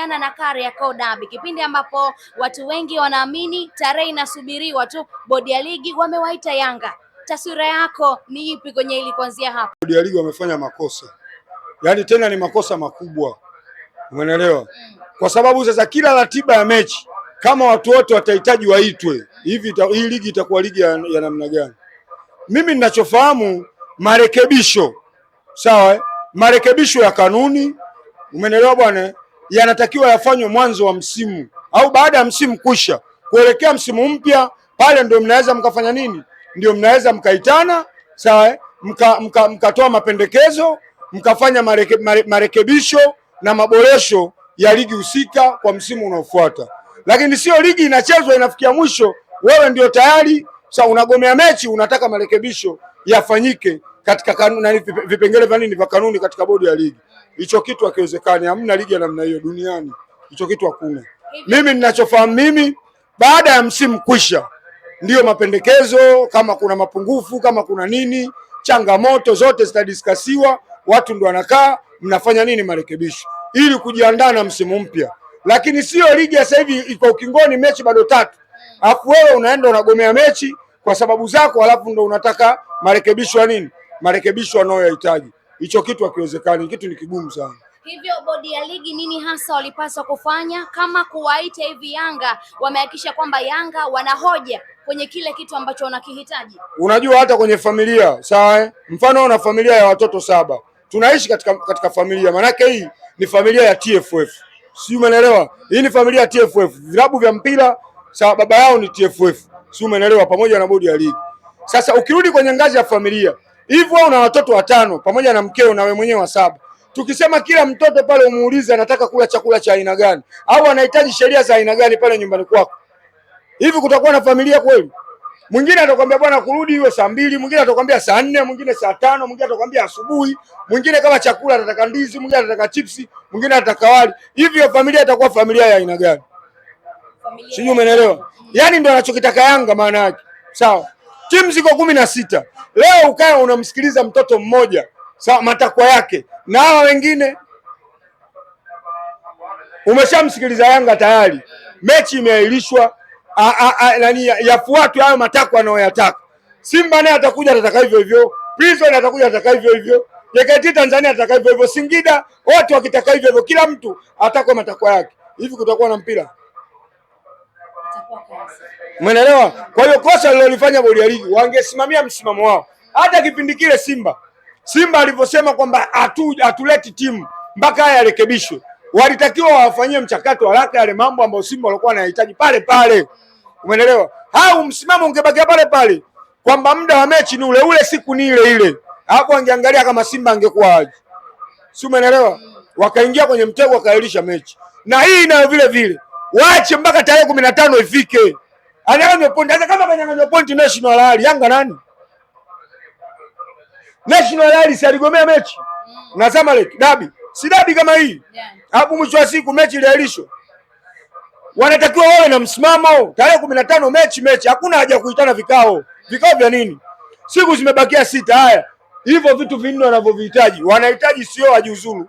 kukabiliana na kare ya kipindi ambapo watu wengi wanaamini tarehe inasubiriwa tu. Bodi ya ligi wamewaita Yanga, taswira yako ni ipi kwenye hili kuanzia hapa? Bodi ya ligi wamefanya makosa, yaani tena ni makosa makubwa, umeelewa? Mm. kwa sababu sasa kila ratiba ya mechi kama watu wote watahitaji waitwe hivi, hii ligi itakuwa ligi ya, ya namna gani? Mimi ninachofahamu marekebisho, sawa, eh? marekebisho ya kanuni, umeelewa bwana, eh? yanatakiwa yafanywe mwanzo wa msimu au baada ya msimu kusha, kuelekea msimu mpya, pale ndio mnaweza mkafanya nini, ndio mnaweza mkaitana, sawa, mkatoa mka, mka mapendekezo, mkafanya mareke, mare, marekebisho na maboresho ya ligi husika kwa msimu unaofuata, lakini sio ligi inachezwa inafikia mwisho, wewe ndio tayari sasa unagomea mechi, unataka marekebisho yafanyike katika kanuni na vipengele vya nini vya kanuni katika bodi ya ligi. Hicho kitu hakiwezekani, hamna ligi ya namna hiyo duniani, hicho kitu hakuna. Mimi ninachofahamu mimi, baada ya msimu kwisha, ndiyo mapendekezo, kama kuna mapungufu, kama kuna nini, changamoto zote zitadiskasiwa, watu ndio wanakaa, mnafanya nini marekebisho, ili kujiandaa na msimu mpya. Lakini sio ligi ya sasa hivi iko ukingoni, mechi bado tatu, alafu wewe unaenda unagomea mechi kwa sababu zako, alafu ndo unataka marekebisho ya nini marekebisho wanayoyahitaji. Hicho kitu hakiwezekani, kitu ni kigumu sana. Hivyo bodi ya ligi nini hasa walipaswa kufanya kama kuwaita hivi Yanga, wamehakikisha kwamba Yanga wanahoja kwenye kile kitu ambacho wanakihitaji. Unajua hata kwenye familia sawa, eh? mfano una familia ya watoto saba, tunaishi katika, katika familia, maanake hii ni familia ya TFF, si umeelewa? Hii ni familia ya TFF, vilabu vya mpira sawa, baba yao ni TFF, si umeelewa, pamoja na bodi ya ligi. Sasa ukirudi kwenye ngazi ya familia hivyo una watoto watano pamoja na mkeo na wewe mwenyewe wa saba. Tukisema kila mtoto pale umuulize anataka kula chakula cha aina gani au anahitaji sheria za aina gani pale nyumbani kwako, hivi kutakuwa na familia kweli? Mwingine atakwambia bwana, kurudi iwe saa mbili, mwingine atakwambia saa nne, mwingine saa tano, mwingine atakwambia asubuhi, mwingine kama chakula atataka ndizi, mwingine atataka chipsi, mwingine atataka wali. Hivyo familia itakuwa familia ya aina gani? Sijui umeelewa? Yaani ndio anachokitaka Yanga maana yake. Sawa timu ziko kumi na sita. Leo ukae unamsikiliza mtoto mmoja sa matakwa yake na hawa wengine umeshamsikiliza. Yanga tayari mechi imeahirishwa, nani yafuatwe hayo matakwa anayoyataka. Simba naye atakuja atataka hivyo hivyo, Prison atakuja atataka hivyo hivyo, JKT Tanzania atataka hivyo hivyo, Singida wote wakitaka hivyo hivyo, kila mtu atakwa matakwa yake. Hivi kutakuwa na mpira? Umeelewa? Kwa hiyo kosa lilolifanya bodi ya ligi, wangesimamia msimamo wao. Hata kipindi kile Simba Simba alivyosema kwamba hatuleti timu mpaka haya yarekebishwe, walitakiwa wafanyie mchakato haraka yale mambo ambayo Simba walikuwa wanahitaji pale pale, umeelewa? Au msimamo ungebakia pale pale kwamba muda wa mechi ni ule ule, siku ni ile ile, hapo angeangalia kama Simba angekuwa aje, si umeelewa? Wakaingia kwenye mtego, wakaelisha mechi, na hii nayo vile vile waache mpaka tarehe 15 ifike anyang'anywe pointi. Hata kama kanyang'anywa pointi national halali, Yanga nani? National halali si aligomea mechi mm. na Zamalek dabi, si dabi kama hii hapo. Mwisho wa siku mechi iliahirishwa, wanatakiwa wawe na msimamo. Tarehe kumi na tano mechi mechi, hakuna haja ya kuitana vikao. Vikao vya nini? Siku zimebakia sita. Haya, hivyo vitu vinne wanavyovihitaji, wanahitaji sio wajiuzulu,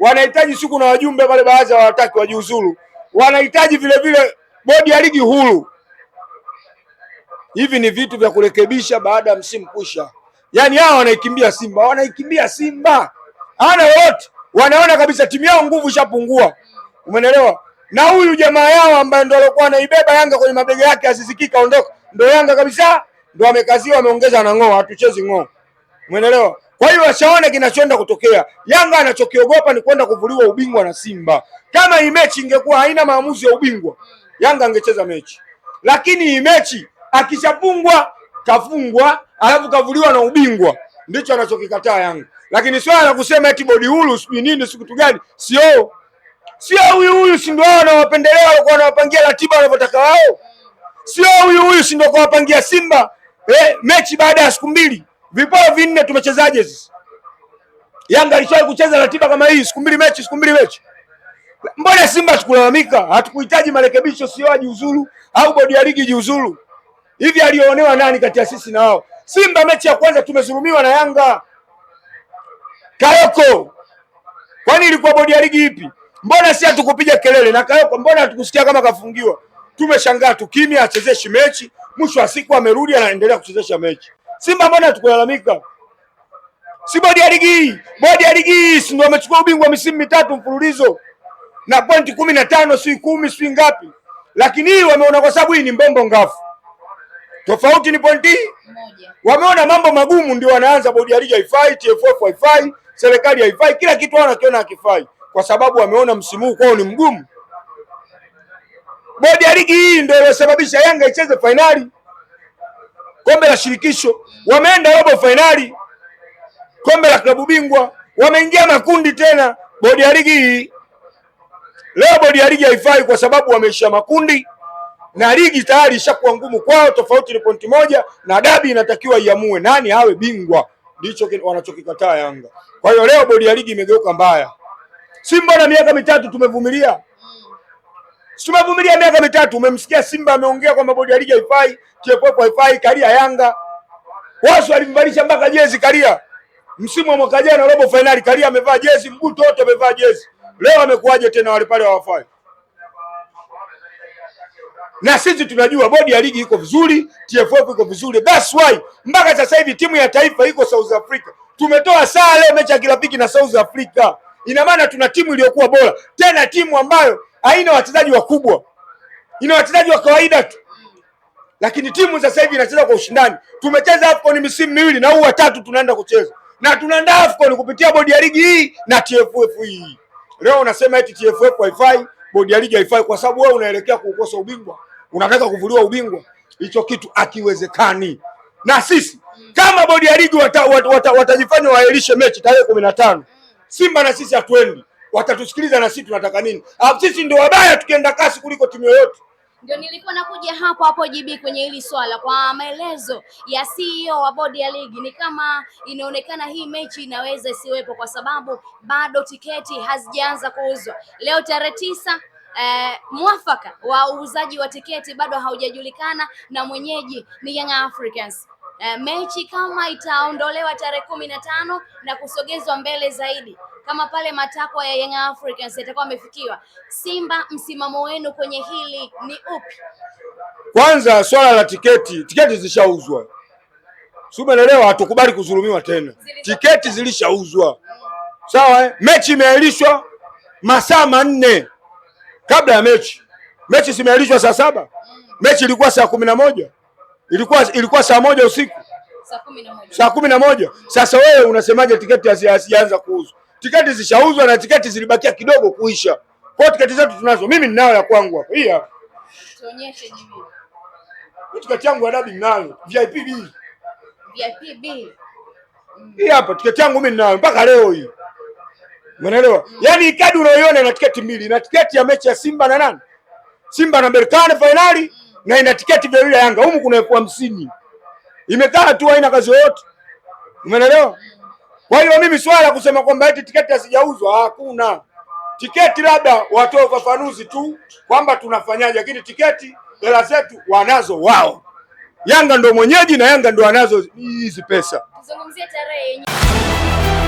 wanahitaji siku na wajumbe pale, baadhi hawataki wajiuzulu, wanahitaji vile bodi ya ligi huru hivi ni vitu vya kurekebisha baada ya msimu kusha. Yaani hao wanaikimbia Simba, wanaikimbia Simba ana yote, wanaona kabisa timu yao nguvu ishapungua, umeelewa? Na huyu jamaa yao ambaye ndo alikuwa anaibeba Yanga kwenye mabega yake, azizikika kaondoka, ndo Yanga kabisa, ndo amekaziwa, ameongeza na ng'oo, hatuchezi ng'oo, umeelewa? Kwa hiyo washaona kinachoenda kutokea. Yanga anachokiogopa ni kwenda kuvuliwa ubingwa na Simba. Kama hii mechi ingekuwa haina maamuzi ya ubingwa, Yanga angecheza mechi, lakini hii mechi akishafungwa kafungwa, alafu kavuliwa na ubingwa, ndicho anachokikataa Yanga. Lakini swala la kusema eti bodi huru sijui nini siku gani, sio sio huyu huyu, si ndio wao wanawapendelea, walikuwa wanawapangia ratiba wanavyotaka wao, sio huyu huyu, si ndio kuwapangia Simba eh, mechi baada ya siku mbili, vipao vinne, tumechezaje sisi? Yanga alishawahi kucheza ratiba kama hii, siku mbili mechi, siku mbili mechi? Mbona Simba tukulalamika? Hatukuhitaji marekebisho, sio ajiuzuru au bodi ya ligi jiuzuru? hivi alioonewa nani kati ya sisi na wao? Simba mechi ya kwanza tumezulumiwa na Yanga. Kayoko, kwani ilikuwa bodi ya ligi ipi? Mbona si hatukupiga kelele na Kayoko? Mbona hatukusikia kama kafungiwa? Tumeshangaa tu kimya, achezeshi mechi. Mwisho wa siku amerudi anaendelea kuchezesha mechi. Simba mbona hatukulalamika? Si bodi ya ligi hii, bodi ya ligi hii si ndio wamechukua ubingwa misimu mitatu mfululizo na pointi kumi na tano si kumi si ngapi, lakini hii wameona kwa sababu hii ni mbombo ngafu Tofauti ni pointi moja. Wameona mambo magumu ndio wanaanza bodi ya ligi haifai, TFF haifai, serikali haifai, kila kitu wanakiona hakifai kwa sababu wameona msimu huu kwao ni mgumu. Bodi ya ligi hii ndio iliyosababisha Yanga icheze fainali kombe la shirikisho, wameenda robo fainali kombe la klabu bingwa, wameingia makundi tena. Bodi ya ligi hii leo, bodi ya ligi haifai kwa sababu wameisha makundi na ligi tayari ishakuwa ngumu kwao, tofauti ni pointi moja, na dabi inatakiwa iamue nani awe bingwa, ndicho wanachokikataa Yanga. Kwa hiyo leo bodi ya ligi imegeuka mbaya. Simba na miaka mitatu tumevumilia, tumevumilia miaka mitatu. Umemsikia Simba ameongea kwamba bodi ya ligi haifai, TFF haifai, kalia Yanga wasu alimvalisha mpaka jezi kalia. Msimu wa mwaka jana robo fainali, kalia amevaa jezi, mguu wote amevaa jezi. Leo amekuwaje tena wale pale hawafai? na sisi tunajua bodi ya ligi iko vizuri, TFF iko vizuri. That's why mpaka sasa hivi timu ya taifa iko South Africa, tumetoa saa leo mechi ya kirafiki na South Africa. Ina maana tuna timu iliyokuwa bora, tena timu ambayo haina wachezaji wakubwa, ina wachezaji wa kawaida tu, lakini timu sasa hivi inacheza kwa ushindani. Tumecheza AFCON misimu miwili na huu wa tatu tunaenda kucheza, na tunaandaa AFCON kupitia bodi ya ligi hii na TFF hii. Leo unasema eti TFF haifai bodi ya ligi haifai, kwa sababu wewe unaelekea kuukosa ubingwa, unataka kuvuliwa ubingwa. Hicho kitu akiwezekani. Na sisi kama bodi ya ligi watajifanya wata, wata, wata waelishe mechi tarehe kumi na tano Simba na sisi hatuendi, watatusikiliza na sisi tunataka nini? Ah, sisi ndio wabaya tukienda kasi kuliko timu yoyote. Ndio nilikuwa nakuja hapo hapo JB kwenye hili swala kwa maelezo ya CEO wa bodi ya ligi, ni kama inaonekana hii mechi inaweza isiwepo kwa sababu bado tiketi hazijaanza kuuzwa leo tarehe tisa. Eh, mwafaka wa uuzaji wa tiketi bado haujajulikana na mwenyeji ni Young Africans. Eh, mechi kama itaondolewa tarehe kumi na tano na kusogezwa mbele zaidi kama pale matakwa ya Young Africans yatakuwa amefikiwa. Simba, msimamo wenu kwenye hili ni upi? Kwanza swala la tiketi, tiketi zishauzwa, si umeelewa? Hatukubali kuzulumiwa tena, tiketi zilishauzwa. Sawa eh? Mechi imeahirishwa masaa manne kabla ya mechi. Mechi simeahirishwa saa saba mm. mechi ilikuwa saa kumi na moja ilikuwa ilikuwa saa moja usiku saa kumi na moja saa kumi na moja Sasa wewe unasemaje tiketi hazijaanza kuuzwa? tiketi zishauzwa na tiketi zilibakia kidogo kuisha. Kwa hiyo tiketi zetu tunazo, mimi ninayo ya kwangu hapo. Hii hapa. Tuonyeshe jibu. Tiketi yangu ya dabi ninayo, VIP B. VIP B. Mm. Hii hapa tiketi yangu mimi ninayo mpaka leo hii. Unaelewa? Mm. Yaani kadi unayoiona ina tiketi mbili, na tiketi ya mechi ya Simba na nani? Simba na Berkane finali mm. na ina tiketi vya vile Yanga. Humu kuna elfu hamsini. Imekaa tu haina kazi yoyote. Umeelewa? Mm. Kwa hiyo mimi swala kusema kwamba eti tiketi hazijauzwa hakuna. Tiketi labda watoe ufafanuzi tu kwamba tunafanyaje, lakini tiketi hela zetu wanazo wao. Yanga ndo mwenyeji na Yanga ndo anazo hizi pesa. Tuzungumzie tarehe yenyewe.